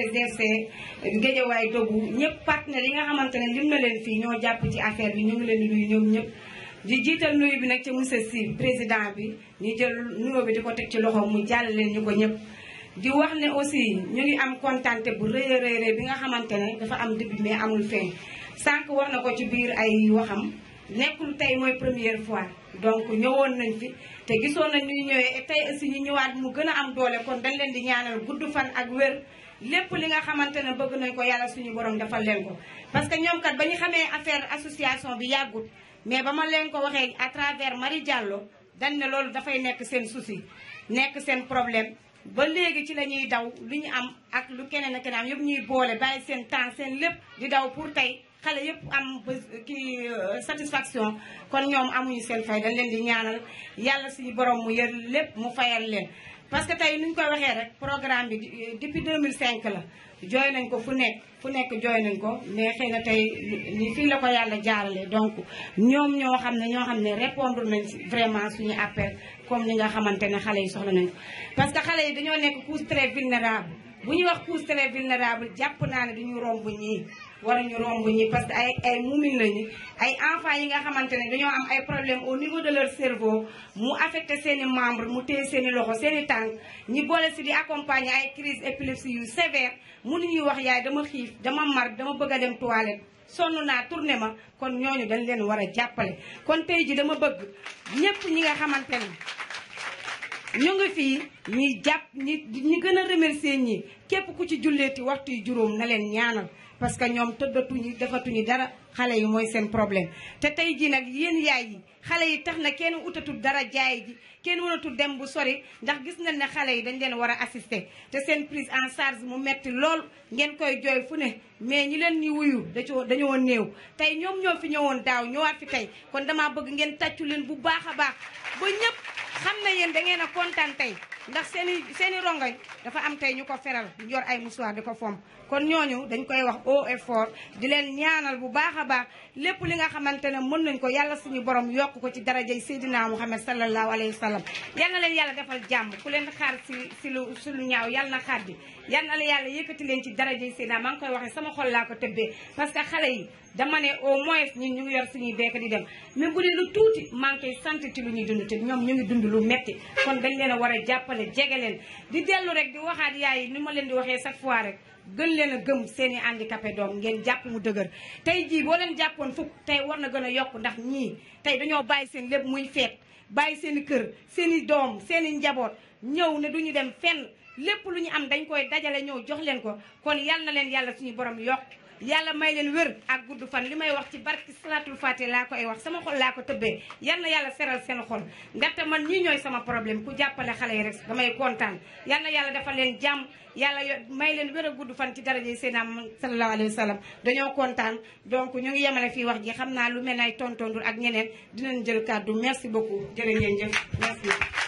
CSDC Géejawaay dogu ñëpp partenaires yi nga xamante ne lim na leen fii ñoo jàpp ci affaire bi ñu ngi leen luy nuyu ñoom ñëpp. di jiital nuyu bi nag ci monsieur Sy président bi ñu jël nuyoo bi di ko teg ci loxo mu jàll leen ñu ko ñëpp. di wax ne aussi ñu ngi am kontante bu rëy a rëy bi nga xamante ne dafa am début mais amul feeñ sànq wax na ko ci biir ay waxam. nekkul tey mooy première fois donc ñëwoon nañ fi te gisoon nañ ñuy ñëwee tey aussi ñu ñëwaat mu gën a am doole kon dañ leen di ñaanal gudd fan ak wér lépp li nga xamante ne bëgg nañ ko yàlla suñu borom defal leen ko. parce que ñoom kat ba ñu xamee affaire association bi yàggut mais ba ma leen ko waxee à travers Marie Diallo dañ ne loolu dafay nekk seen souci nekk seen problème. ba léegi ci la ñuy daw lu ñu am ak lu keneen ak keneen am yëpp ñuy boole bàyyi seen temps seen lépp di daw pour tey xale yëpp am ba kii euh, satisfaction kon ñoom amuñu seen fay dañ leen di ñaanal yàlla suñu borom mu yër lépp mu fayal leen. parce que tey ni ñu koy waxee rek programme bi depuis 2005 la jooy nañ ko fu nekk fu nekk jooy nañ ko mais xëy na tey ni fii la ko yàlla jaarale donc ñoom ñoo xam ne ñoo xam ne répondre nañ vraiment suñu appel comme ni nga xamante ne xale yi soxla nañ ko parce que xale yi dañoo nekk couche très vulnérable bu ñuy wax couche très vulnérable jàpp naa ne duñu romb ñii war waruñu romb ñi parce que ay ay muumin lañu ay enfants yi nga xamante ne dañoo am ay problème au niveau de leur cerveau mu affecté seen membre mu téye seen loxo seen i tànk ñi boole si di accompagner ay crise épilepsie yu sévère ñuy wax yaay dama xiif dama mar dama bëgg a dem toilette sonn naa tourné ma kon ñooñu dañ leen war a jàppale kon tey ji dama bëgg ñëpp ñi nga xamante ne ñu ngi fii ñuy jàpp ñi ñi gën a remercier ñi képp ku ci julleeti waxtu yi juróom na leen ñaanal parce que ñoom tëddatuñu defatuñu dara xale yi mooy seen problème te tey jii nag yéen yaay yi xale yi tax na kenn utatul dara jaay ji kenn mënatul dem bu sori ndax gis nañ ne xale yi dañ leen war a assister te seen prise en charge mu metti lool ngeen koy jooy fu ne mais ñi leen ñi wuyu dañoo dañoo néew tey ñoom ñoo fi ñëwoon daaw ñëwaat fi tey kon damaa bëgg ngeen tàccu leen bu baax a baax ba ñëpp xam na yéen da ngeen a kontaan tey ndax seen i seen i rongoñ dafa am tey ñu ko feral yor ay musuwaar di ko fomp kon ñooñu dañ koy wax haut et di leen ñaanal bu baax lépp li nga xamante ne mën nañ ko yàlla suñu borom yokk ko ci darajay Seydina Muhammad sallallahu alayhi wa sallam yal na leen yàlla defal jàmm ku leen xaar si si lu si lu ñaaw yal na xaar di yal na la yàlla yëkkati leen ci darajay Seydina maa ngi koy waxee sama xol laa ko tëbbee parce que xale yi dama ne au moins ñun ñu ngi yor suñuy beek di dem même bu dee lu tuuti maa ngi koy sant ñoom ñu dund lu metti kon dañ leen a war a jàppale jege leen di di waxee chaque fois rek gën leen a gëm seen i handicapé doom ngeen jàpp mu dëgër tey jii boo leen jàppoon fukk tey war na gën a yokk ndax ñii tey dañoo bàyyi seen lépp muy feet bàyyi seeni kër seeni doom seeni njaboot ñëw ne ñu dem fenn lépp lu ñu am dañ koy dajale ñëw jox leen ko kon yal na leen yàlla suñu borom yokk yàlla may leen wér ak gudd fan li may wax ci barki salaatul faate laa ko ay wax sama xol laa ko tëbbee yal na yàlla seral seen xol ndaxte man ñii ñooy sama problème ku jàppale xale yi rek damay kontaan yal na yàlla dafa leen jàmm yàlla may leen wér a gudd fan ci daraje Seydina Muhammad sallallahu alayhi wa sallam dañoo kontaan donc ñu ngi yemale fii wax ji xam naa lu mel nay tontondur ak ñeneen dinañ jël kàddu merci beaucoup jërë ngeen jëf merci